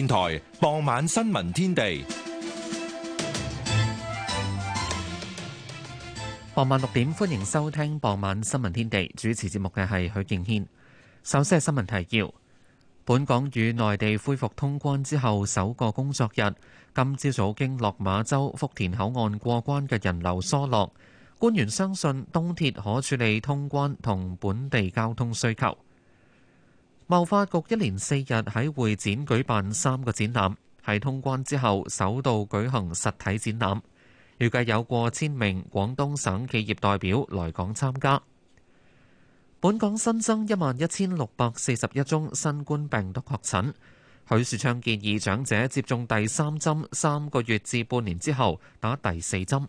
電台傍晚新聞天地，傍晚六點歡迎收聽傍晚新聞天地。主持節目嘅係許敬軒。首先係新聞提要：本港與內地恢復通關之後首個工作日，今朝早經落馬洲福田口岸過關嘅人流疏落。官員相信東鐵可處理通關同本地交通需求。貿發局一連四日喺會展舉辦三個展覽，係通關之後首度舉行實體展覽。預計有過千名廣東省企業代表來港參加。本港新增一萬一千六百四十一宗新冠病毒確診，許樹昌建議長者接種第三針三個月至半年之後打第四針。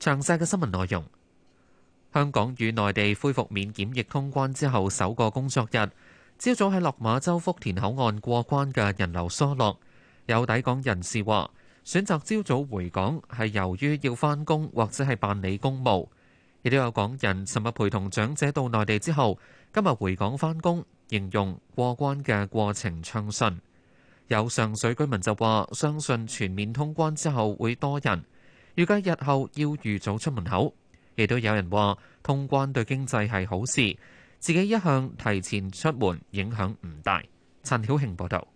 詳細嘅新聞內容。香港與內地恢復免檢疫通關之後首個工作日，朝早喺落馬洲福田口岸過關嘅人流疏落。有抵港人士話：選擇朝早回港係由於要返工或者係辦理公務。亦都有港人尋日陪同長者到內地之後，今日回港返工，形容過關嘅過程暢順。有上水居民就話：相信全面通關之後會多人，預計日後要預早出門口。亦都有人話，通關對經濟係好事。自己一向提前出門，影響唔大。陳曉慶報導，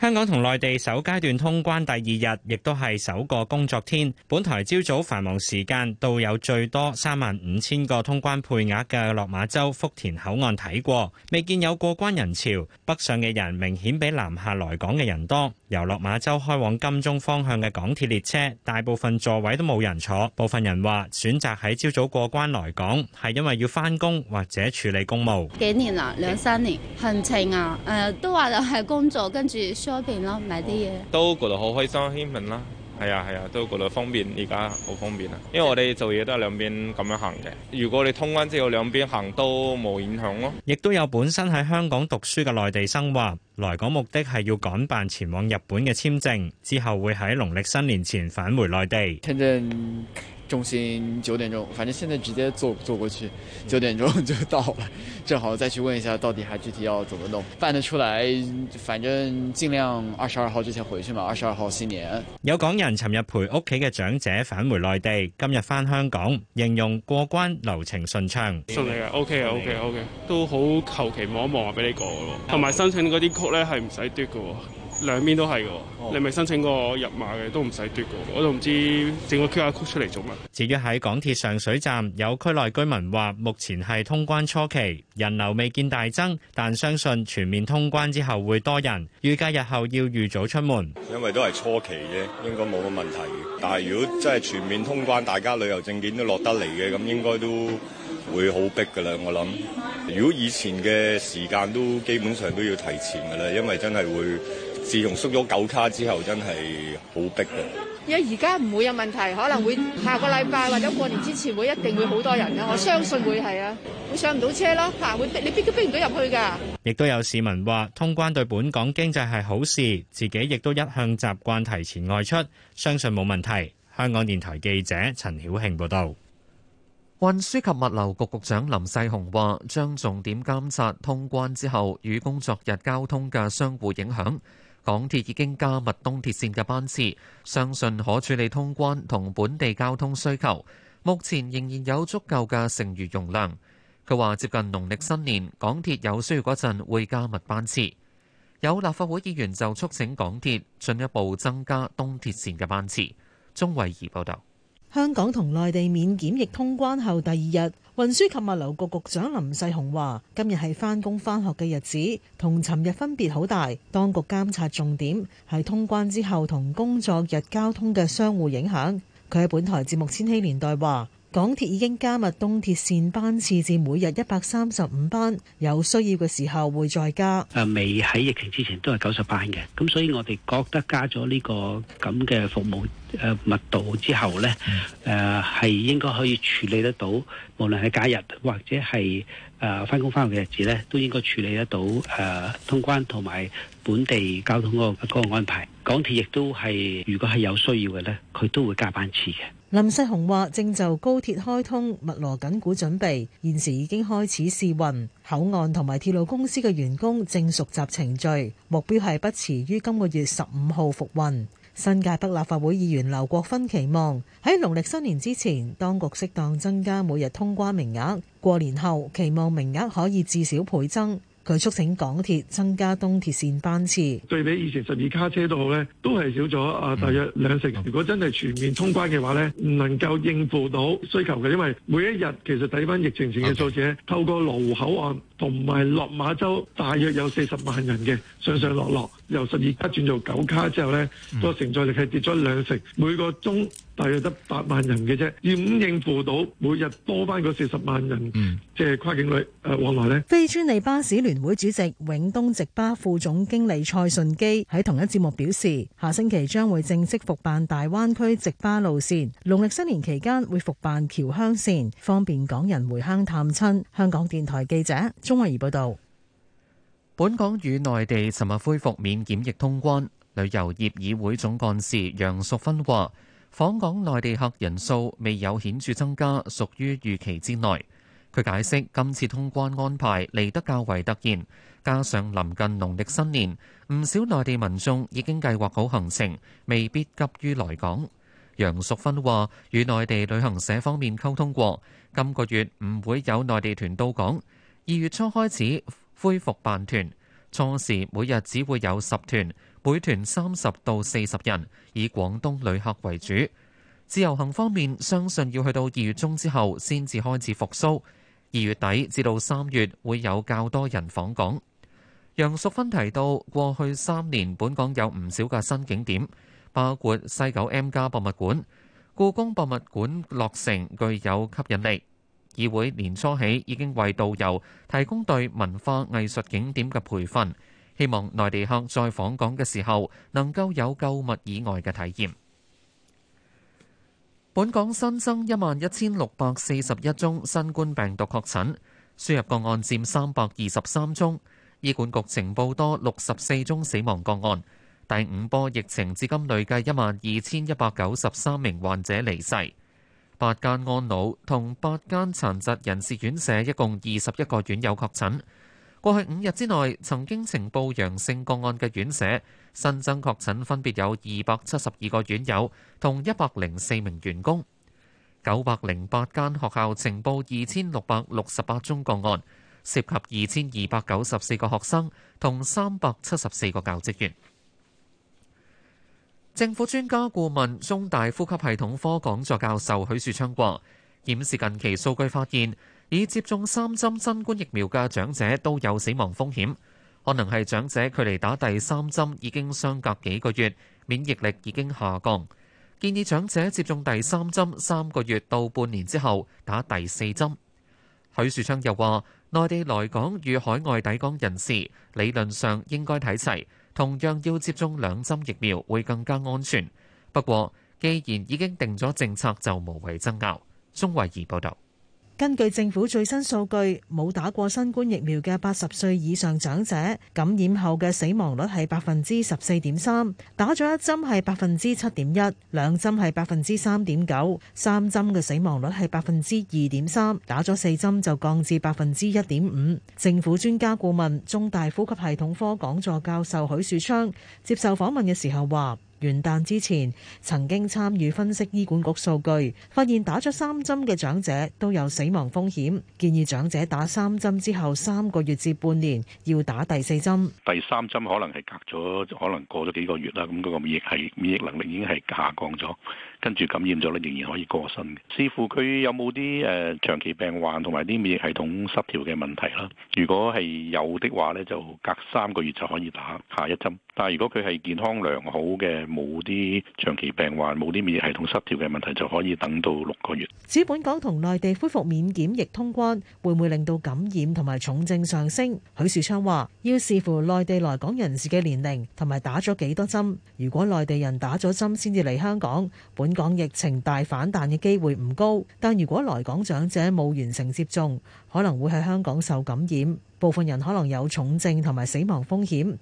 香港同內地首階段通關第二日，亦都係首個工作天。本台朝早繁忙時間到有最多三萬五千個通關配額嘅落馬洲福田口岸睇過，未見有過關人潮。北上嘅人明顯比南下來港嘅人多。由落馬洲開往金鐘方向嘅港鐵列車，大部分座位都冇人坐。部分人話選擇喺朝早過關來港，係因為要返工或者處理公務。幾年啦，兩三年行程啊，誒、呃，都話就係工作，跟住 shopping 咯，買啲嘢都覺得好開心，興奮啦。係啊係啊，都覺得方便，而家好方便啊！因為我哋做嘢都係兩邊咁樣行嘅。如果你通關之後兩邊行都冇影響咯。亦都有本身喺香港讀書嘅內地生話，來港目的係要趕辦前往日本嘅簽證，之後會喺農曆新年前返回內地。中心九點鐘，反正現在直接坐坐過去，九點鐘就到了，正好再去問一下到底還具體要怎麼弄辦得出來，反正盡量二十二號之前回去嘛，二十二號新年。有港人尋日陪屋企嘅長者返回內地，今日返香港，形容過關流程順暢。順利嘅，OK 啊，OK OK，都好求其望一望啊，俾你過，同埋申請嗰啲曲咧係唔使嘟嘅。兩邊都係嘅，哦、你咪申請個入馬嘅都唔使嘟嘅，我都唔知整個 QR code 出嚟做乜。至於喺港鐵上水站，有區內居民話，目前係通關初期，人流未見大增，但相信全面通關之後會多人。預計日後要預早出門，因為都係初期啫，應該冇乜問題。但係如果真係全面通關，大家旅遊證件都落得嚟嘅，咁應該都會好逼㗎喇。我諗，如果以前嘅時間都基本上都要提前㗎喇，因為真係會。自從縮咗九卡之後，真係好逼嘅。而而家唔會有問題，可能會下個禮拜或者過年之前會一定會好多人啦。我相信會係啊，會上唔到車咯，會逼你逼都逼唔到入去㗎。亦都有市民話：通關對本港經濟係好事，自己亦都一向習慣提前外出，相信冇問題。香港電台記者陳曉慶報道。運輸及物流局局長林世雄話：將重點監察通關之後與工作日交通嘅相互影響。港鐵已經加密東鐵線嘅班次，相信可處理通關同本地交通需求。目前仍然有足夠嘅剩餘容量。佢話接近農曆新年，港鐵有需要嗰陣會加密班次。有立法會議員就促請港鐵進一步增加東鐵線嘅班次。鍾慧儀報道。香港同內地免檢疫通關後第二日，運輸及物流局局長林世雄話：今日係返工返學嘅日子，同尋日分別好大。當局監察重點係通關之後同工作日交通嘅相互影響。佢喺本台節目《千禧年代》話：港鐵已經加密東鐵線班次至每日一百三十五班，有需要嘅時候會再加。誒，未喺疫情之前都係九十班嘅，咁所以我哋覺得加咗呢個咁嘅服務誒、啊、密度之後呢，誒、啊、係應該可以處理得到，無論係假日或者係誒翻工翻學嘅日子呢，都應該處理得到誒、啊、通關同埋本地交通嗰個安排。港鐵亦都係，如果係有需要嘅呢，佢都會加班次嘅。林世雄話：正就高鐵開通密鑼緊鼓準備，現時已經開始試運，口岸同埋鐵路公司嘅員工正熟習程序，目標係不遲於今個月十五號復運。新界北立法會議員劉國勳期望喺農曆新年之前，當局適當增加每日通關名額，過年後期望名額可以至少倍增。佢促請港鐵增加東鐵線班次，對比以前十二卡車都好咧，都係少咗啊，大約兩成。如果真係全面通關嘅話咧，唔能夠應付到需求嘅，因為每一日其實抵班疫情前嘅數字，透過羅湖口岸。同埋落馬洲大約有四十萬人嘅上上落落，由十二卡轉做九卡之後呢個承載力係跌咗兩成，每個鐘大約得八萬人嘅啫，要咁應付到每日多翻嗰四十萬人，即係跨境旅往來呢，非專利巴士聯會主席永東直巴副總經理蔡順基喺同一節目表示，下星期將會正式復辦大灣區直巴路線，農曆新年期間會復辦僑鄉線，方便港人回鄉探親。香港電台記者，鍾慧儀報道，本港與內地尋日恢復免檢疫通關，旅遊業議會總幹事楊淑芬話，訪港內地客人數未有顯著增加，屬於預期之內。佢解釋，今次通關安排嚟得較為突然，加上臨近農曆新年，唔少內地民眾已經計劃好行程，未必急於來港。楊淑芬話，與內地旅行社方面溝通過，今個月唔會有內地團到港。二月初開始恢復辦團，初時每日只會有十團，每團三十到四十人，以廣東旅客為主。自由行方面，相信要去到二月中之後先至開始復甦。二月底至到三月會有較多人訪港。楊淑芬提到，過去三年本港有唔少嘅新景點，包括西九 M+ 博物館、故宮博物館落成，具有吸引力。議會年初起已經為導遊提供對文化藝術景點嘅培訓，希望內地客在訪港嘅時候能夠有購物以外嘅體驗。本港新增一萬一千六百四十一宗新冠病毒確診，輸入個案佔三百二十三宗。醫管局呈報多六十四宗死亡個案，第五波疫情至今累計一萬二千一百九十三名患者離世。八間安老同八間殘疾人士院舍，一共二十一個院友確診。過去五日之內，曾經呈報陽性個案嘅院舍，新增確診分別有二百七十二個院友，同一百零四名員工。九百零八間學校呈報二千六百六十八宗個案，涉及二千二百九十四個學生同三百七十四個教職員。政府專家顧問、中大呼吸系統科講座教授許樹昌話：檢視近期數據發現，已接種三針新冠疫苗嘅長者都有死亡風險，可能係長者距離打第三針已經相隔幾個月，免疫力已經下降。建議長者接種第三針三個月到半年之後打第四針。許樹昌又話：內地來港與海外抵港人士理論上應該睇齊。同樣要接種兩針疫苗會更加安全。不過，既然已經定咗政策，就無謂爭拗。鍾慧儀報導。根據政府最新數據，冇打過新冠疫苗嘅八十歲以上長者感染後嘅死亡率係百分之十四點三，打咗一針係百分之七點一，兩針係百分之三點九，三針嘅死亡率係百分之二點三，打咗四針就降至百分之一點五。政府專家顧問、中大呼吸系統科講座教授許樹昌接受訪問嘅時候話：元旦之前曾經參與分析醫管局數據，發現打咗三針嘅長者都有死亡風險，建議長者打三針之後三個月至半年要打第四針。第三針可能係隔咗，可能過咗幾個月啦，咁、那、嗰個免疫係免疫能力已經係下降咗，跟住感染咗咧仍然可以過身，視乎佢有冇啲誒長期病患同埋啲免疫系統失調嘅問題啦。如果係有嘅話咧，就隔三個月就可以打下一針。但如果佢係健康良好嘅，冇啲長期病患，冇啲免疫系統失調嘅問題，就可以等到六個月。指本港同內地恢復免檢疫通關會唔會令到感染同埋重症上升？許樹昌話要視乎內地來港人士嘅年齡同埋打咗幾多針，如果內地人打咗針先至嚟香港，本港疫情大反彈嘅機會唔高。但如果來港長者冇完成接種可能會喺香港受感染，部分人可能有重症同埋死亡風險。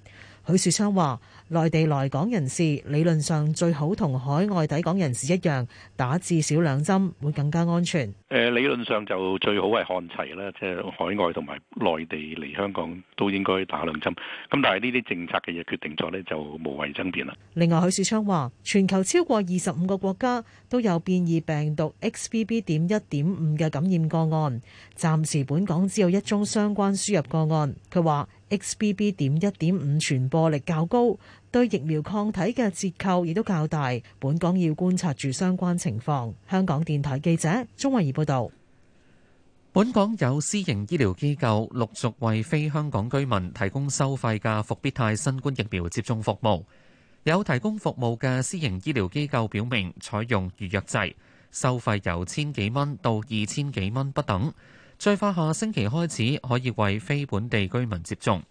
許樹昌話。內地來港人士理論上最好同海外抵港人士一樣打至少兩針，會更加安全。誒，理論上就最好係看齊啦，即係海外同埋內地嚟香港都應該打兩針。咁但係呢啲政策嘅嘢決定咗呢就無謂爭辯啦。另外，許樹昌話：全球超過二十五個國家都有變異病毒 XBB. 點一點五嘅感染個案，暫時本港只有一宗相關輸入個案。佢話 XBB. 點一點五傳播力較高。對疫苗抗體嘅折扣亦都較大，本港要觀察住相關情況。香港電台記者鍾慧儀報道，本港有私營醫療機構陸續為非香港居民提供收費嘅復必泰新冠疫苗接種服務。有提供服務嘅私營醫療機構表明，採用預約制，收費由千幾蚊到二千幾蚊不等。最快下星期開始可以為非本地居民接種。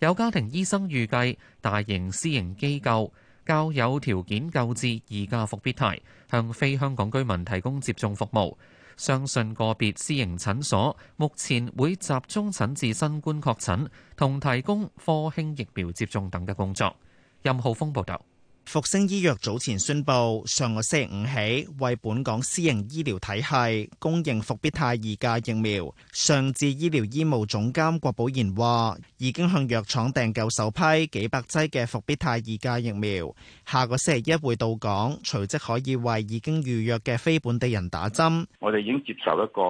有家庭醫生預計，大型私營機構較有條件購置二價復必泰，向非香港居民提供接種服務。相信個別私營診所目前會集中診治新冠確診，同提供科興疫苗接種等嘅工作。任浩峰報道。復星醫藥早前宣佈，上個星期五起為本港私營醫療體系供應復必泰二價疫苗。上至醫療醫務總監郭寶賢話，已經向藥廠訂購首批幾百劑嘅復必泰二價疫苗，下個星期一會到港，隨即可以為已經預約嘅非本地人打針。我哋已經接受一個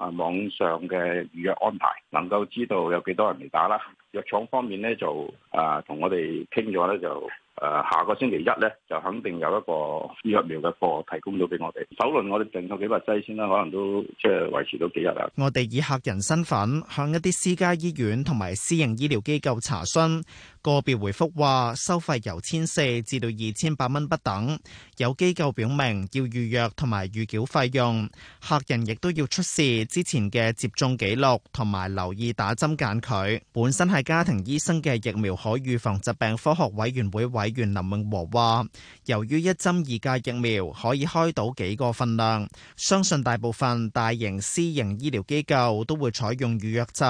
啊網上嘅預約安排，能夠知道有幾多人嚟打啦。藥廠方面咧就啊同我哋傾咗咧就，呃誒下個星期一咧，就肯定有一個疫苗嘅貨提供到俾我哋。首輪我哋訂購幾百劑先啦，可能都即係維持到幾日啦。我哋以客人身份向一啲私家醫院同埋私營醫療機構查詢。個別回覆話收費由千四至到二千八蚊不等，有機構表明要預約同埋預繳費用，客人亦都要出示之前嘅接種記錄同埋留意打針間距。佢本身係家庭醫生嘅疫苗可預防疾病科學委員會委員林永和話，由於一針二價疫苗可以開到幾個份量，相信大部分大型私營醫療機構都會採用預約制。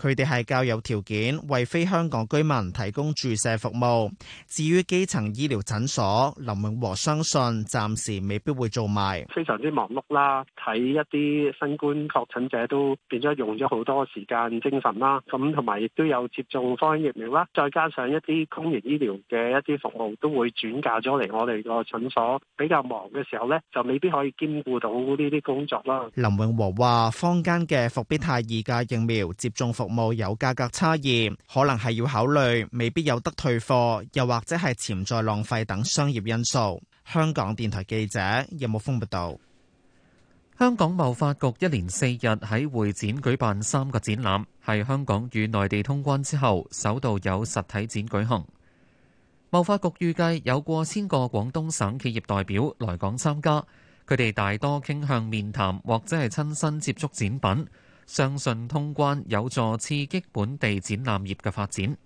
佢哋係較有條件為非香港居民提供注射服務。至於基層醫療診所，林永和相信暫時未必會做埋。非常之忙碌啦，睇一啲新冠確診者都變咗用咗好多時間精神啦。咁同埋亦都有接種防疫疫苗啦，再加上一啲公營醫療嘅一啲服務都會轉嫁咗嚟我哋個診所。比較忙嘅時候呢，就未必可以兼顧到呢啲工作啦。林永和話，坊間嘅復必泰二價疫苗接種服務，冇有價格差異，可能係要考慮未必有得退貨，又或者係潛在浪費等商業因素。香港電台記者任木峰報道：香港貿發局一連四日喺會展舉辦三個展覽，係香港與內地通關之後首度有實體展舉行。貿發局預計有過千個廣東省企業代表來港參加，佢哋大多傾向面談或者係親身接觸展品。相信通關有助刺激本地展覽業嘅發展，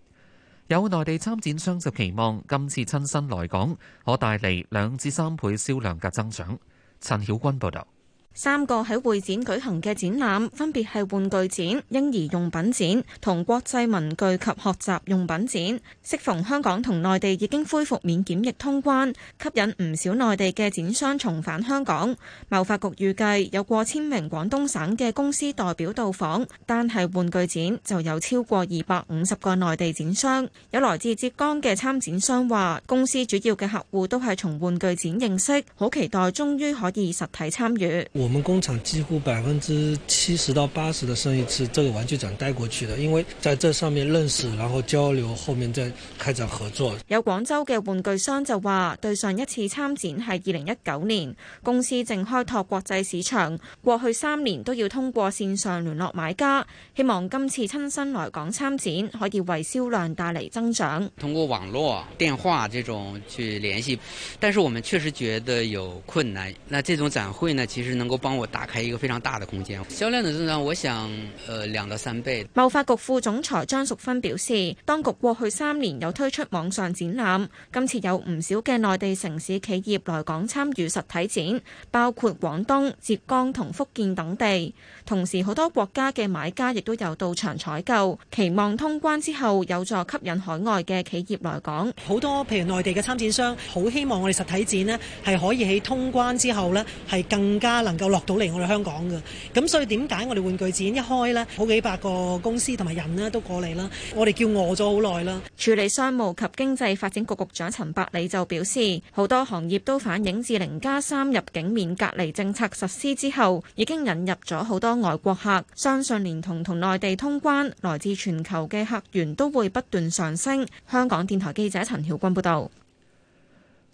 有內地參展商就期望今次親身來港可帶嚟兩至三倍銷量嘅增長，陳曉君報導。三個喺會展舉行嘅展覽分別係玩具展、嬰兒用品展同國際文具及學習用品展。適逢香港同內地已經恢復免檢疫通關，吸引唔少內地嘅展商重返香港。貿發局預計有過千名廣東省嘅公司代表到訪，單係玩具展就有超過二百五十個內地展商。有來自浙江嘅參展商話：公司主要嘅客戶都係從玩具展認識，好期待終於可以實體參與。我們工廠幾乎百分之七十到八十的生意是這個玩具展帶過去的，因為在這上面認識，然後交流，後面再開展合作。有廣州嘅玩具商就話，對上一次參展係二零一九年，公司正開拓國際市場，過去三年都要通過線上聯絡買家，希望今次親身來港參展可以為銷量帶嚟增長。通過網絡、電話這種去聯繫，但是我們確實覺得有困難。那這種展會呢，其實能夠。幫我打開一個非常大的空間。銷量的增長，我想，呃，兩到三倍。貿發局副總裁張淑芬表示，當局過去三年有推出網上展覽，今次有唔少嘅內地城市企業來港參與實體展，包括廣東、浙江同福建等地。同時好多國家嘅買家亦都有到場採購，期望通關之後有助吸引海外嘅企業來港。好多譬如內地嘅參展商好希望我哋實體展咧係可以喺通關之後咧係更加能夠落到嚟我哋香港嘅，咁所以點解我哋玩具展一開咧，好幾百個公司同埋人咧都過嚟啦。我哋叫餓咗好耐啦。署理商務及經濟發展局局長陳百里就表示，好多行業都反映至零加三入境免隔離政策實施之後已經引入咗好多。外國客相信連同同內地通關，來自全球嘅客源都會不斷上升。香港電台記者陳曉君報道。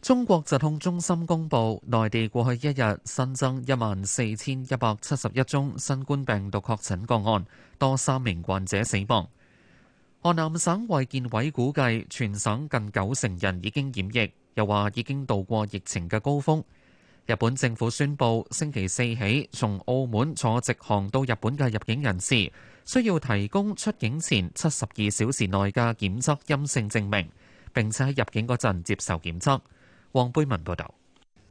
中國疾控中心公布，內地過去一日新增一萬四千一百七十一宗新冠病毒確診個案，多三名患者死亡。河南省衛健委估計，全省近九成人已經染疫，又話已經度過疫情嘅高峰。日本政府宣布，星期四起，從澳門坐直航到日本嘅入境人士，需要提供出境前七十二小時內嘅檢測陰性證明，並且喺入境嗰陣接受檢測。黃貝文報道。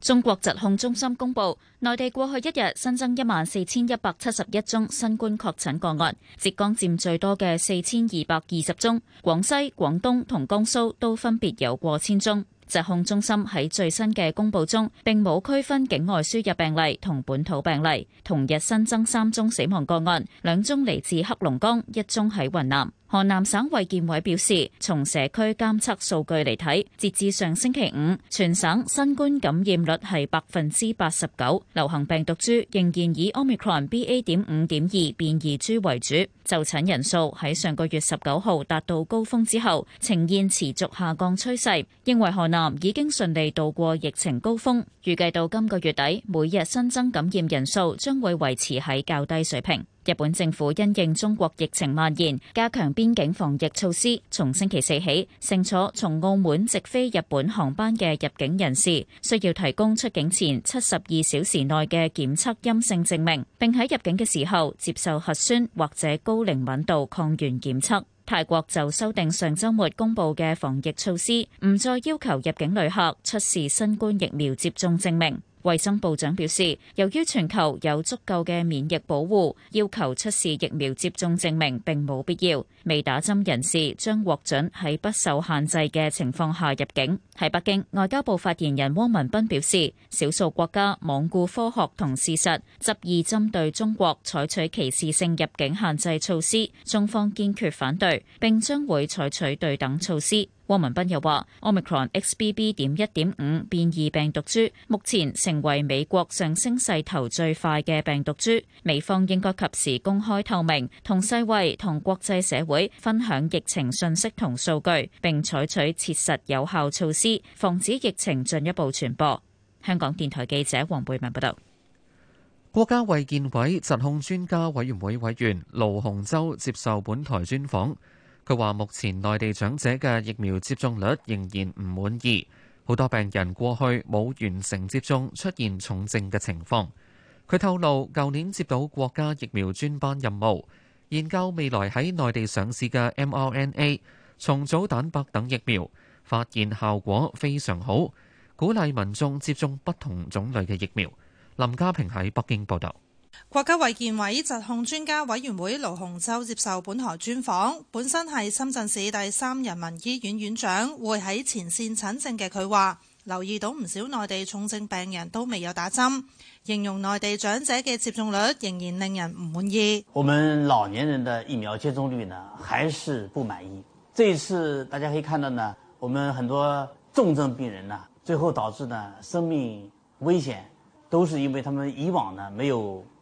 中國疾控中心公布，內地過去一日新增一萬四千一百七十一宗新冠確診個案，浙江佔最多嘅四千二百二十宗，廣西、廣東同江蘇都分別有過千宗。疾控中心喺最新嘅公布中，並冇區分境外輸入病例同本土病例，同日新增三宗死亡個案，兩宗嚟自黑龍江，一宗喺雲南。河南省衛健委表示，從社區監測數據嚟睇，截至上星期五，全省新冠感染率係百分之八十九，流行病毒株仍然以 Omicron BA 點五點二變異株為主。就診人數喺上個月十九號達到高峰之後，呈現持續下降趨勢，認為河南已經順利度過疫情高峰，預計到今個月底，每日新增感染人數將會維持喺較低水平。日本政府因應中國疫情蔓延，加強邊境防疫措施。從星期四起，乘坐從澳門直飛日本航班嘅入境人士，需要提供出境前七十二小時內嘅檢測陰性證明，並喺入境嘅時候接受核酸或者高靈敏度抗原檢測。泰國就修訂上周末公布嘅防疫措施，唔再要求入境旅客出示新冠疫苗接種證明。衛生部長表示，由於全球有足夠嘅免疫保護，要求出示疫苗接種證明並冇必要。未打針人士將獲准喺不受限制嘅情況下入境。喺北京，外交部發言人汪文斌表示，少數國家罔顧科學同事實，執意針對中國採取歧視性入境限制措施，中方堅決反對，並將會採取對等措施。汪文斌又話：Omicron XBB. 點一點五變異病毒株，目前成為美國上升勢頭最快嘅病毒株。美方應該及時公開透明，同世衛同國際社會分享疫情信息同數據，並採取切實有效措施，防止疫情進一步傳播。香港電台記者黃貝文報道。國家衛健委疾控專家委員會委員盧洪洲接受本台專訪。佢話：目前內地長者嘅疫苗接種率仍然唔滿意，好多病人過去冇完成接種出現重症嘅情況。佢透露，舊年接到國家疫苗專班任務，研究未來喺內地上市嘅 mRNA 重組蛋白等疫苗，發現效果非常好，鼓勵民眾接種不同種類嘅疫苗。林家平喺北京報導。國家衛健委疾控專家委員會盧洪洲接受本台專訪，本身係深圳市第三人民醫院院長，會喺前線診症嘅佢話，留意到唔少內地重症病人都未有打針，形容內地長者嘅接種率仍然令人唔滿意。我們老年人的疫苗接種率呢，還是不滿意。這一次大家可以看到呢，我們很多重症病人呢，最後導致呢，生命危險，都是因為他們以往呢，沒有。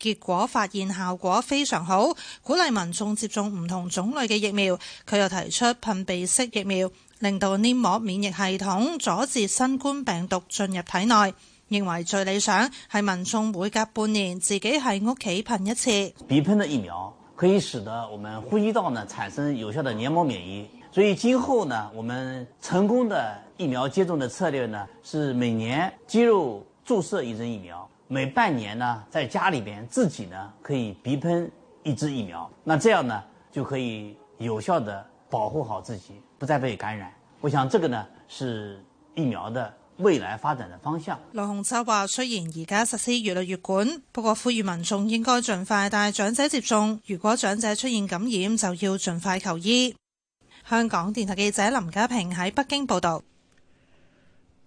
結果發現效果非常好，鼓勵民眾接種唔同種類嘅疫苗。佢又提出噴鼻式疫苗，令到黏膜免疫系統阻止新冠病毒進入體內。認為最理想係民眾每隔半年自己喺屋企噴一次鼻噴的疫苗，可以使得我們呼吸道呢產生有效的黏膜免疫。所以，今後呢，我們成功的疫苗接種的策略呢，是每年肌肉注射一針疫苗。每半年呢，在家裏邊自己呢可以鼻噴一支疫苗，那這樣呢就可以有效地保護好自己，不再被感染。我想這個呢是疫苗的未來發展的方向。劉洪秋話：雖然而家實施越嚟越管，不過呼籲民眾應該盡快帶長者接種。如果長者出現感染，就要盡快求醫。香港電台記者林家平喺北京報道。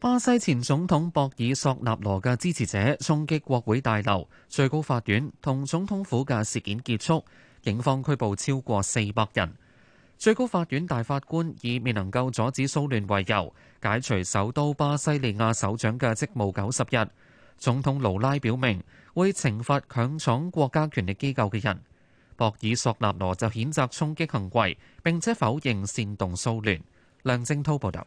巴西前總統博爾索納羅嘅支持者衝擊國會大樓、最高法院同總統府嘅事件結束，警方拘捕超過四百人。最高法院大法官以未能夠阻止騷亂為由，解除首都巴西利亞首長嘅職務九十日。總統盧拉表明會懲罰強闖國家權力機構嘅人。博爾索納羅就譴責衝擊行為，並且否認煽動騷亂。梁正濤報道。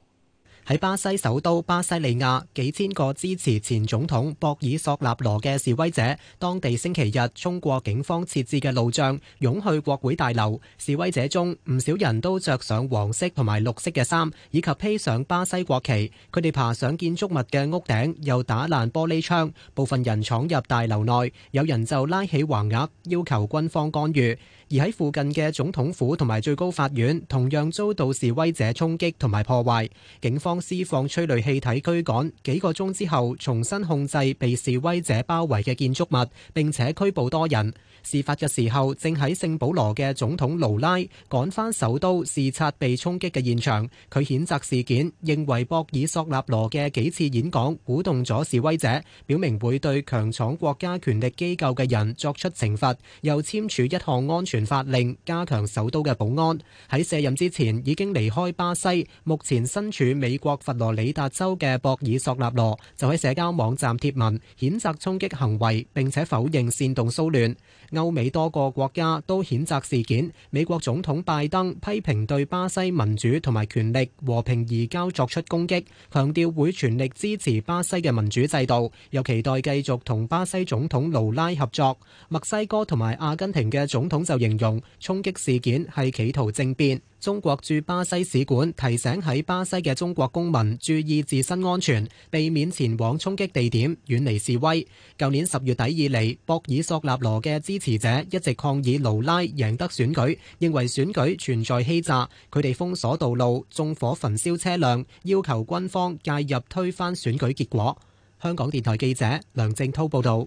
喺巴西首都巴西利亞，幾千個支持前總統博爾索納羅嘅示威者，當地星期日衝過警方設置嘅路障，湧去國會大樓。示威者中唔少人都着上黃色同埋綠色嘅衫，以及披上巴西國旗。佢哋爬上建築物嘅屋頂，又打爛玻璃窗。部分人闖入大樓內，有人就拉起橫額，要求軍方干預。而喺附近嘅總統府同埋最高法院，同樣遭到示威者衝擊同埋破壞。警方施放催淚氣體驅趕，幾個鐘之後重新控制被示威者包圍嘅建築物，並且拘捕多人。事發嘅時候正喺聖保羅嘅總統盧拉趕返首都視察被衝擊嘅現場，佢譴責事件，認為博爾索納羅嘅幾次演講鼓動咗示威者，表明會對強闖國家權力機構嘅人作出懲罰，又簽署一項安全法令加強首都嘅保安。喺卸任之前已經離開巴西，目前身處美國。國佛羅里達州嘅博爾索納羅就喺社交網站貼文譴責衝擊行為，並且否認煽動騷亂。歐美多個國家都譴責事件，美國總統拜登批評對巴西民主同埋權力和平移交作出攻擊，強調會全力支持巴西嘅民主制度，又期待繼續同巴西總統盧拉合作。墨西哥同埋阿根廷嘅總統就形容衝擊事件係企圖政變。中國駐巴西使館提醒喺巴西嘅中國公民注意自身安全，避免前往衝擊地點，遠離示威。舊年十月底以嚟，博爾索納羅嘅支持者一直抗議勞拉贏得選舉，認為選舉存在欺詐。佢哋封鎖道路、縱火焚燒車輛，要求軍方介入推翻選舉結果。香港電台記者梁正濤報道。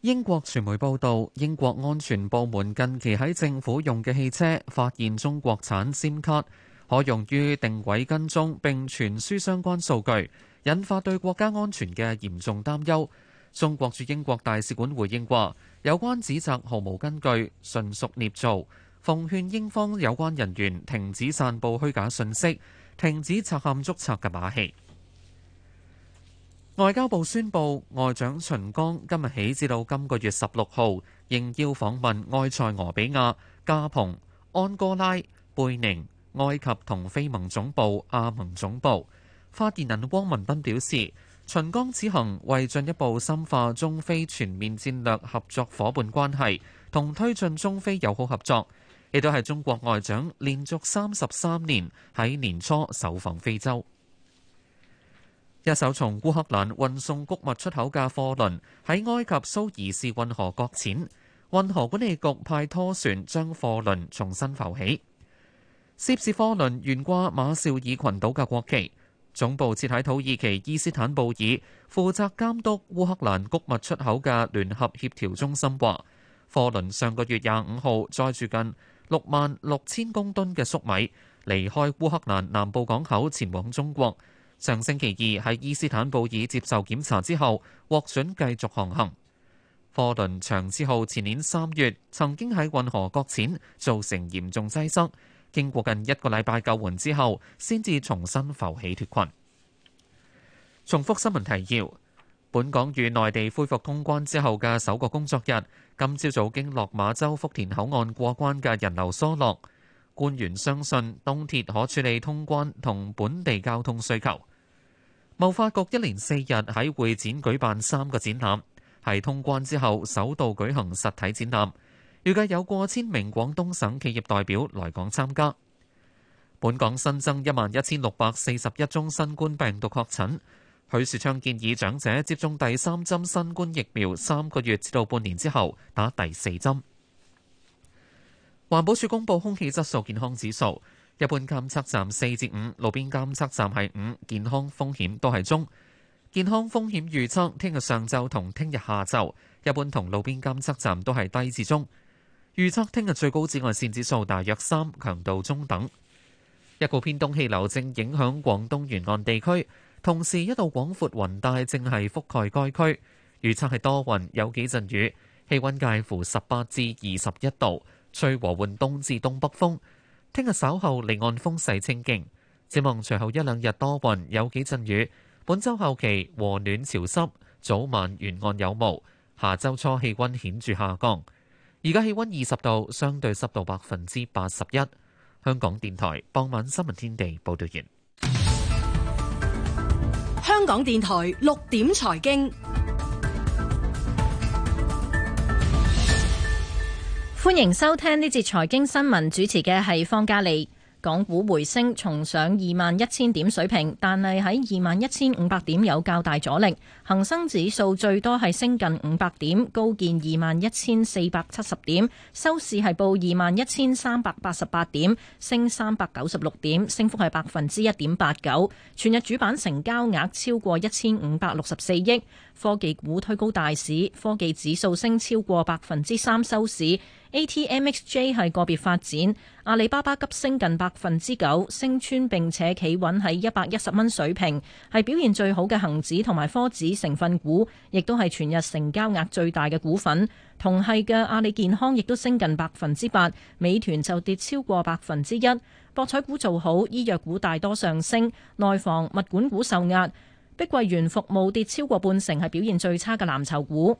英國傳媒報道，英國安全部門近期喺政府用嘅汽車發現中國產 SIM 卡，可用於定位跟蹤並傳輸相關數據，引發對國家安全嘅嚴重擔憂。中國駐英國大使館回應話：有關指責毫無根據，純屬捏造。奉勸英方有關人員停止散布虛假信息，停止賊喊捉賊嘅把戲。外交部宣布，外長秦剛今日起至到今個月十六號應邀訪問埃塞俄比亞、加蓬、安哥拉、貝寧、埃及同非盟總部、阿盟總部。發言人汪文斌表示，秦剛此行為進一步深化中非全面戰略合作伙伴關係同推進中非友好合作，亦都係中國外長連續三十三年喺年初首訪非洲。一艘從烏克蘭運送谷物出口嘅貨輪喺埃及蘇伊士運河擱淺，運河管理局派拖船將貨輪重新浮起。涉事貨輪懸掛馬紹爾群島嘅國旗。總部設喺土耳其伊斯坦布爾，負責監督烏克蘭谷物出口嘅聯合協調中心話，貨輪上個月廿五號載住近六萬六千公噸嘅粟米，離開烏克蘭南部港口前往中國。上星期二喺伊斯坦布爾接受檢查之後，獲准繼續航行。貨輪長賜號前年三月曾經喺運河擱淺，造成嚴重擠塞。經過近一個禮拜救援之後，先至重新浮起脱困。重複新聞提要：本港與內地恢復通關之後嘅首個工作日，今朝早經落馬洲福田口岸過關嘅人流疏落。官員相信東鐵可處理通關同本地交通需求。貿發局一連四日喺會展舉辦三個展覽，係通關之後首度舉行實體展覽。預計有過千名廣東省企業代表來港參加。本港新增一萬一千六百四十一宗新冠病毒確診。許樹昌建議長者接種第三針新冠疫苗，三個月至到半年之後打第四針。環保署公布空氣質素健康指數，一般監測站四至五，路邊監測站係五，健康風險都係中。健康風險預測聽日上晝同聽日下晝，一般同路邊監測站都係低至中。預測聽日最高紫外線指數大約三，強度中等。一股偏東氣流正影響廣東沿岸地區，同時一道廣闊雲帶正係覆蓋該區。預測係多雲，有幾陣雨，氣温介乎十八至二十一度，吹和緩東至東北風。聽日稍後離岸風勢清勁。展望隨後一兩日多雲，有幾陣雨。本週後期和暖潮濕，早晚沿岸有霧。下週初氣温顯著下降。而家氣溫二十度，相對濕度百分之八十一。香港電台傍晚新聞天地報道完。香港電台六點財經，歡迎收聽呢節財經新聞，主持嘅係方嘉利。港股回升，重上二萬一千點水平，但係喺二萬一千五百點有較大阻力。恒生指數最多係升近五百點，高見二萬一千四百七十點，收市係報二萬一千三百八十八點，升三百九十六點，升幅係百分之一點八九。全日主板成交額超過一千五百六十四億，科技股推高大市，科技指數升超過百分之三，收市。A.T.M.X.J 係個別發展，阿里巴巴急升近百分之九，升穿並且企穩喺一百一十蚊水平，係表現最好嘅恒指同埋科指成分股，亦都係全日成交額最大嘅股份。同係嘅阿里健康亦都升近百分之八，美團就跌超過百分之一，博彩股做好，醫藥股大多上升，內房物管股受壓，碧桂園服務跌超過半成，係表現最差嘅藍籌股。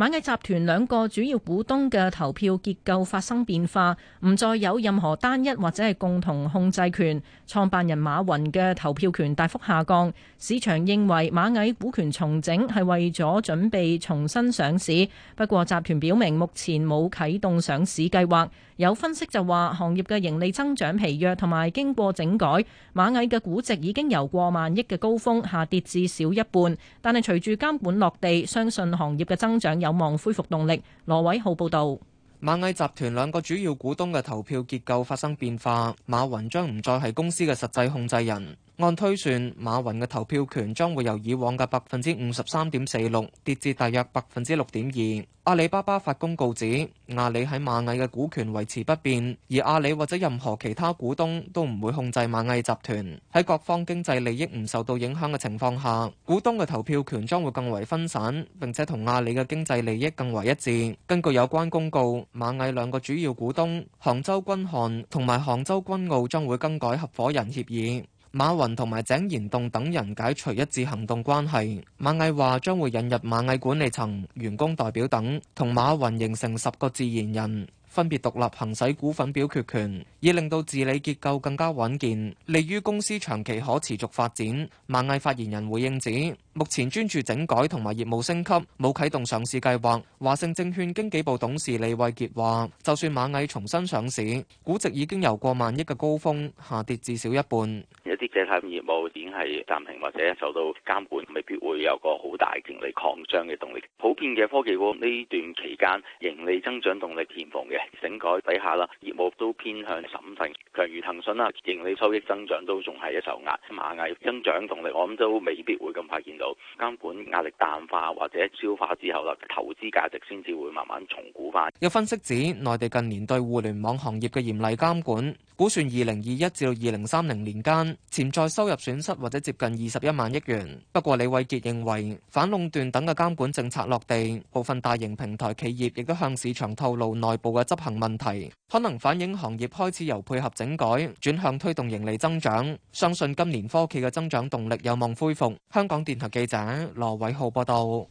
螞蟻集團兩個主要股東嘅投票結構發生變化，唔再有任何單一或者係共同控制權。創辦人馬雲嘅投票權大幅下降，市場認為螞蟻股權重整係為咗準備重新上市。不過集團表明目前冇啟動上市計劃。有分析就話，行業嘅盈利增長疲弱，同埋經過整改，螞蟻嘅估值已經由過萬億嘅高峰下跌至少一半。但係隨住監管落地，相信行業嘅增長有望恢復動力。羅偉浩報導，螞蟻集團兩個主要股東嘅投票結構發生變化，馬雲將唔再係公司嘅實際控制人。按推算，馬雲嘅投票權將會由以往嘅百分之五十三點四六跌至大約百分之六點二。阿里巴巴發公告指，阿里喺螞蟻嘅股權維持不變，而阿里或者任何其他股東都唔會控制螞蟻集團。喺各方經濟利益唔受到影響嘅情況下，股東嘅投票權將會更為分散，並且同阿里嘅經濟利益更為一致。根據有關公告，螞蟻兩個主要股東杭州君瀚同埋杭州君澳將會更改合伙人協議。馬雲同埋井賢棟等人解除一致行動關係，螞蟻話將會引入螞蟻管理層、員工代表等，同馬雲形成十個自然人，分別獨立行使股份表決權，以令到治理結構更加穩健，利於公司長期可持續發展。螞蟻發言人回應指，目前專注整改同埋業務升級，冇啟動上市計劃。華盛證券經紀部董事李慧傑話，就算螞蟻重新上市，估值已經由過萬億嘅高峰下跌至少一半。有啲借貸業務已經係暫停或者受到監管，未必會有個好大盈利擴張嘅動力。普遍嘅科技股呢段期間盈利增長動力偏弱嘅整改底下啦，業務都偏向審慎，強如騰訊啦，盈利收益增長都仲係一受壓。螞蟻增長動力我諗都未必會咁快見到。監管壓力淡化或者消化之後啦，投資價值先至會慢慢重估翻。有分析指，內地近年對互聯網行業嘅嚴厲監管，估算二零二一至二零三零年間潛在收入損失或者接近二十一萬億元。不過李慧杰認為，反壟斷等嘅監管政策落地，部分大型平台企業亦都向市場透露內部嘅執行問題，可能反映行業開始由配合整改轉向推動盈利增長。相信今年科技嘅增長動力有望恢復。香港電台。記者羅偉浩報道。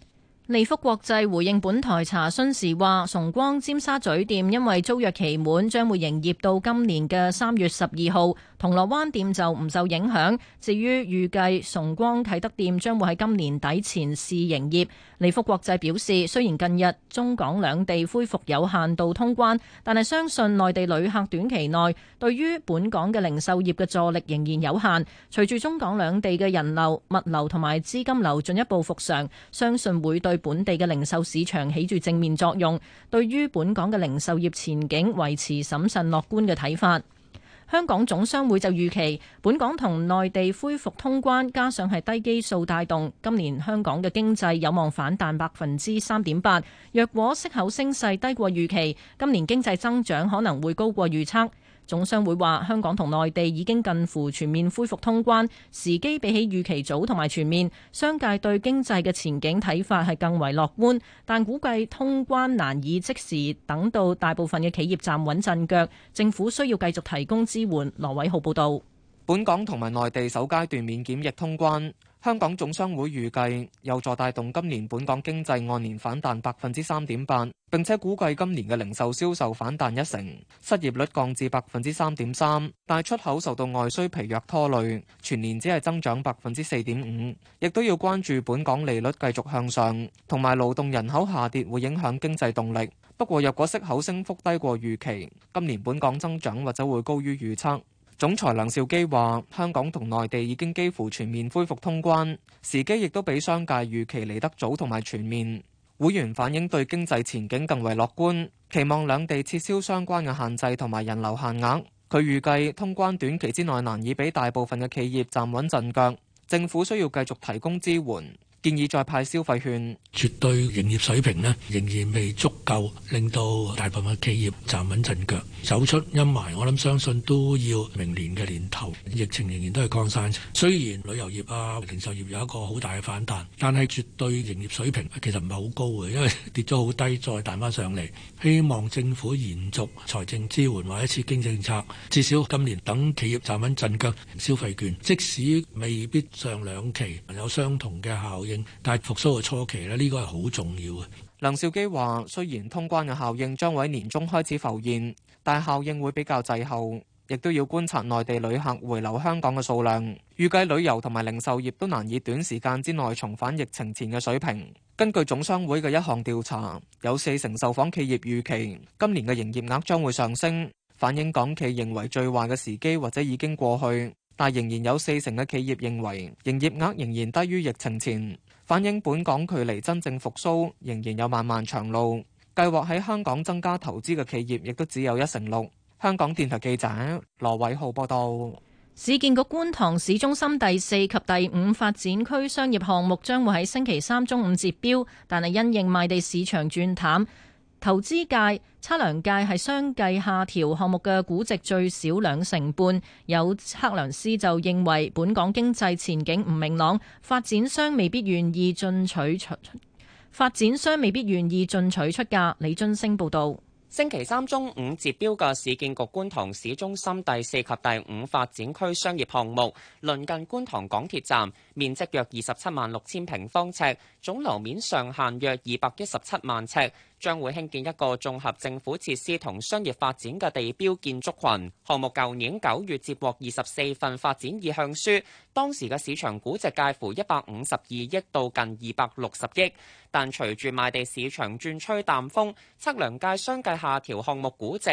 利福國際回應本台查詢時話崇光尖沙咀店因為租約期滿將會營業到今年嘅三月十二號銅鑼灣店就唔受影響。至於預計崇光啟德店將會喺今年底前試營業，利福國際表示，雖然近日中港兩地恢復有限度通關，但係相信內地旅客短期內對於本港嘅零售業嘅助力仍然有限。隨住中港兩地嘅人流、物流同埋資金流進一步復常，相信會對本地嘅零售市場起住正面作用，對於本港嘅零售業前景維持審慎樂觀嘅睇法。香港總商會就預期，本港同內地恢復通關，加上係低基數帶動，今年香港嘅經濟有望反彈百分之三點八。若果息口升勢低過預期，今年經濟增長可能會高過預測。總商會話：香港同內地已經近乎全面恢復通關，時機比起預期早同埋全面，商界對經濟嘅前景睇法係更為樂觀。但估計通關難以即時等到大部分嘅企業站穩陣腳，政府需要繼續提供支援。羅偉浩報道：本港同埋內地首階段免檢疫通關。香港總商會預計有助帶動今年本港經濟按年反彈百分之三點八，並且估計今年嘅零售銷售反彈一成，失業率降至百分之三點三。但出口受到外需疲弱拖累，全年只係增長百分之四點五，亦都要關注本港利率繼續向上，同埋勞動人口下跌會影響經濟動力。不過，若果息口升幅低過預期，今年本港增長或者會高於預測。總裁梁兆基話：香港同內地已經幾乎全面恢復通關，時機亦都比商界預期嚟得早同埋全面。會員反映對經濟前景更為樂觀，期望兩地撤銷相關嘅限制同埋人流限額。佢預計通關短期之內難以俾大部分嘅企業站穩陣腳，政府需要繼續提供支援。建議再派消費券，絕對營業水平呢，仍然未足夠令到大部分企業站穩陣腳，走出陰霾。我諗相信都要明年嘅年頭，疫情仍然都係擴散。雖然旅遊業啊、零售業有一個好大嘅反彈，但係絕對營業水平其實唔係好高嘅，因為跌咗好低再彈翻上嚟。希望政府延續財政支援或一次經濟政策，至少今年等企業站穩陣腳。消費券即使未必上兩期有相同嘅效益但係復甦嘅初期呢，呢個係好重要嘅。梁兆基話：雖然通關嘅效應將會喺年中開始浮現，但效應會比較滯後，亦都要觀察內地旅客回流香港嘅數量。預計旅遊同埋零售業都難以短時間之內重返疫情前嘅水平。根據總商會嘅一項調查，有四成受訪企業預期今年嘅營業額將會上升，反映港企認為最壞嘅時機或者已經過去。但仍然有四成嘅企業認為營業額仍然低於疫情前，反映本港距離真正復甦仍然有漫漫長路。計劃喺香港增加投資嘅企業亦都只有一成六。香港電台記者羅偉浩報道。市建局觀塘市中心第四及第五發展區商業項目將會喺星期三中午截標，但係因應賣地市場轉淡。投資界、測量界係相繼下調項目嘅估值，最少兩成半。有測量師就認為，本港經濟前景唔明朗，發展商未必願意進取出。發展商未必願意進取出價。李津升報導，星期三中午截標嘅市建局觀塘市中心第四及第五發展區商業項目，鄰近觀塘港鐵站，面積約二十七萬六千平方尺。總樓面上限約二百一十七萬尺，將會興建一個綜合政府設施同商業發展嘅地標建築群。項目舊年九月接獲二十四份發展意向書，當時嘅市場估值介乎一百五十二億到近二百六十億，但隨住賣地市場轉吹淡風，測量界相繼下調項目估值。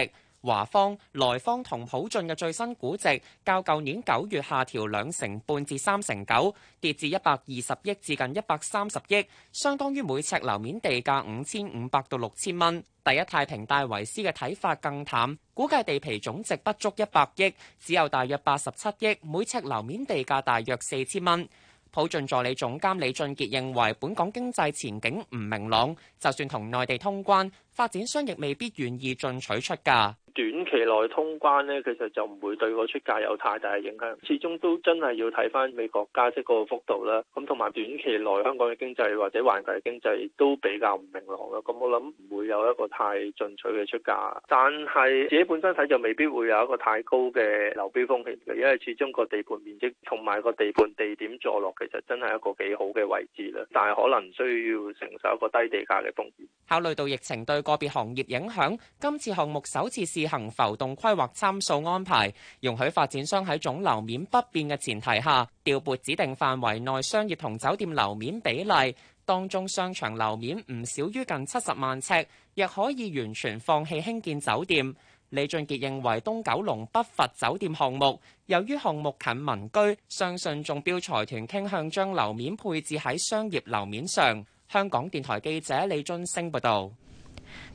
華方、來方同普進嘅最新估值，較舊年九月下調兩成半至三成九，跌至一百二十億至近一百三十億，相當於每尺樓面地價五千五百到六千蚊。第一太平戴維斯嘅睇法更淡，估計地皮總值不足一百億，只有大約八十七億，每尺樓面地價大約四千蚊。普進助理總監李俊杰認為，本港經濟前景唔明朗，就算同內地通關，發展商亦未必願意進取出價。短期內通關咧，其實就唔會對個出價有太大嘅影響。始終都真係要睇返美國加息嗰個幅度啦。咁同埋短期內香港嘅經濟或者環球經濟都比較唔明朗啦。咁我諗唔會有一個太進取嘅出價。但係自己本身睇就未必會有一個太高嘅流標風險嘅，因為始終個地盤面積同埋個地盤地點坐落其實真係一個幾好嘅位置啦。但係可能需要承受一個低地價嘅風險。考慮到疫情對個別行業影響，今次項目首次試行浮動規劃參數安排，容許發展商喺總樓面不變嘅前提下，調撥指定範圍內商業同酒店樓面比例，當中商場樓面唔少於近七十萬尺，亦可以完全放棄興建酒店。李俊傑認為，東九龍不乏酒店項目，由於項目近民居，相信中標財團傾向將樓面配置喺商業樓面上。香港電台記者李津升報道。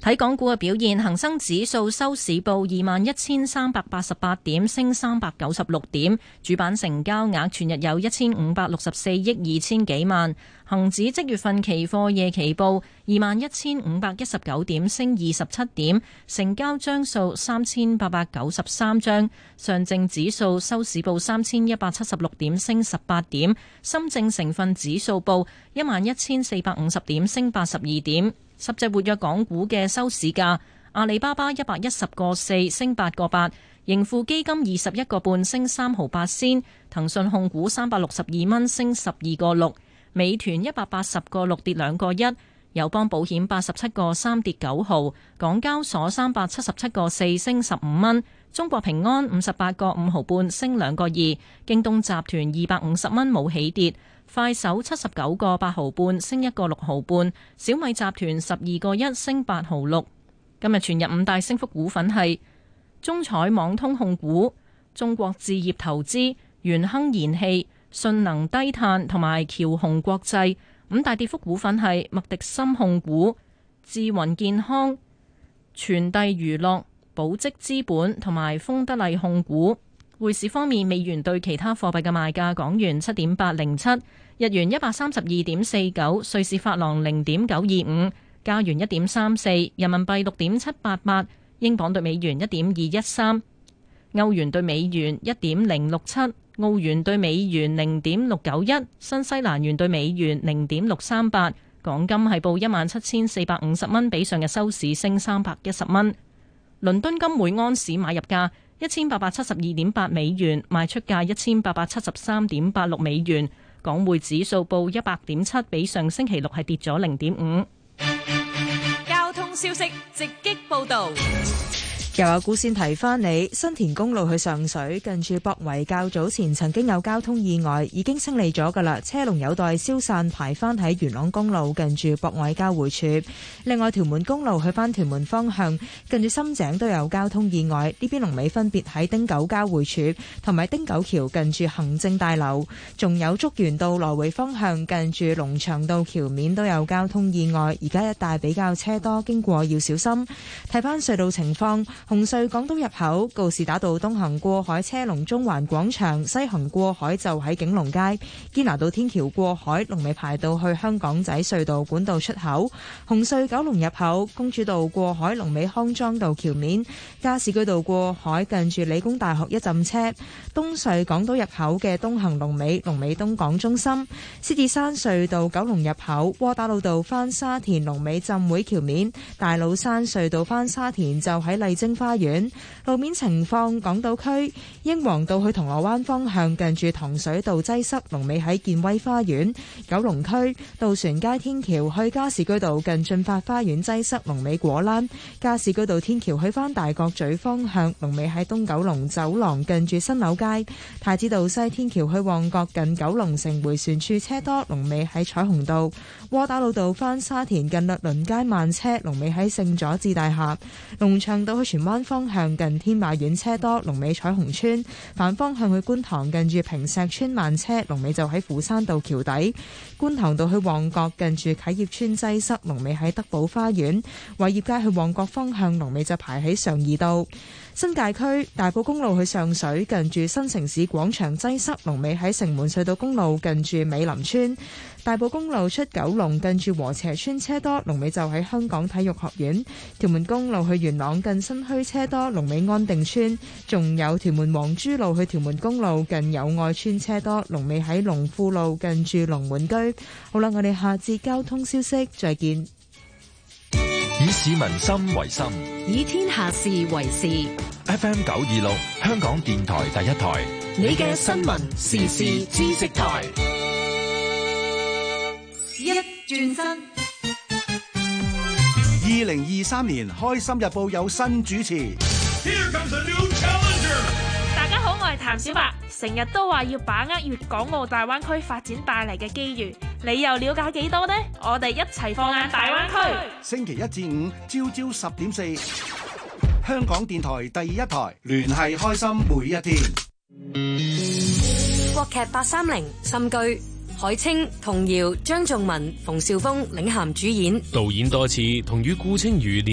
睇港股嘅表現，恒生指數收市報二萬一千三百八十八點，升三百九十六點，主板成交額全日有一千五百六十四億二千幾萬。恒指即月份期貨夜期報二萬一千五百一十九點，升二十七點，成交張數三千八百九十三張。上證指數收市報三千一百七十六點，升十八點。深證成分指數報一萬一千四百五十點，升八十二點。十隻活躍港股嘅收市價，阿里巴巴一百一十個四，升八個八；盈富基金二十一個半，升三毫八仙；騰訊控股三百六十二蚊，升十二個六。美團一百八十個六跌，兩個一，友邦保險八十七個三，跌九毫，港交所三百七十七個四，升十五蚊，中國平安五十八個五毫半，升兩個二，京東集團二百五十蚊冇起跌，快手七十九個八毫半，升一個六毫半，小米集團十二個一，升八毫六。今日全日五大升幅股份係中彩網通控股、中國置業投資、元亨燃氣、信能低碳同埋僑雄國際。五大跌幅股份係麥迪森控股、智雲健康、傳遞娛樂、寶積資本同埋豐德麗控股。匯市方面，美元對其他貨幣嘅賣價：港元七點八零七，日元一百三十二點四九，瑞士法郎零點九二五，加元一點三四，人民幣六點七八八，英鎊對美元一點二一三。歐元對美元一點零六七，澳元對美元零點六九一，新西蘭元對美元零點六三八。港金係報一萬七千四百五十蚊，比上日收市升三百一十蚊。倫敦金每安士買入價一千八百七十二點八美元，賣出價一千八百七十三點八六美元。港匯指數報一百點七，比上星期六係跌咗零點五。交通消息直擊報道。又有股線提翻你，新田公路去上水近住博圍，較早前曾經有交通意外，已經清理咗噶啦，車龍有待消散。排返喺元朗公路近住博愛交匯處。另外，屯門公路去返屯門方向，近住深井都有交通意外，呢邊龍尾分別喺汀九交匯處同埋汀九橋近住行政大樓。仲有竹園道來回方向近住龍翔道橋面都有交通意外，而家一帶比較車多，經過要小心。睇翻隧道情況。紅隧港島入口，告士打道東行過海車龍，中環廣場西行過海就喺景隆街堅拿道天橋過海龍尾排到去香港仔隧道管道出口。紅隧九龍入口，公主道過海龍尾康莊道橋面，加士居道過海近住理工大學一陣車。東隧港島入口嘅東行龍尾，龍尾東港中心，獅子山隧道九龍入口，窩打老道返沙田龍尾浸會橋面，大老山隧道返沙田就喺麗晶花園路面情況，港島區英皇道去銅鑼灣方向近住糖水道擠塞，龍尾喺健威花園；九龍區渡船街天橋去加士居道近駿發花園擠塞，龍尾果欄；加士居道天橋去返大角咀方向，龍尾喺東九龍走廊近住新樓街；太子道西天橋去旺角近九龍城回旋處車多，龍尾喺彩虹道。窩打老道返沙田近律倫街慢車，龍尾喺聖佐治大廈；龍翔道去荃灣方向近天馬苑車多，龍尾彩虹村；反方向去觀塘近住坪石村慢車，龍尾就喺富山道橋底。觀塘道去旺角，近住啟業村擠塞，龍尾喺德寶花園；偉業街去旺角方向，龍尾就排喺常怡道。新界區大埔公路去上水，近住新城市廣場擠塞，龍尾喺城門隧道公路近住美林村。大埔公路出九龍，近住禾輋村車多，龍尾就喺香港體育學院。屯門公路去元朗，近新墟車多，龍尾安定村。仲有屯門皇珠路去屯門公路，近友愛村車多，龍尾喺龍富路近住龍門居。好啦，我哋下次交通消息再見。以市民心為心，以天下事為事。FM 九二六，香港電台第一台，你嘅新聞時事知識台。一轉身，二零二三年開心日報有新主持。係譚小白成日都話要把握粵港澳大灣區發展帶嚟嘅機遇，你又了解幾多呢？我哋一齊放眼大灣區。星期一至五朝朝十點四，香港電台第一台，聯繫開心每一天。國劇八三零，心居海清、童瑤、張頌文、馮紹峰領銜主演，導演多次同與顧清如。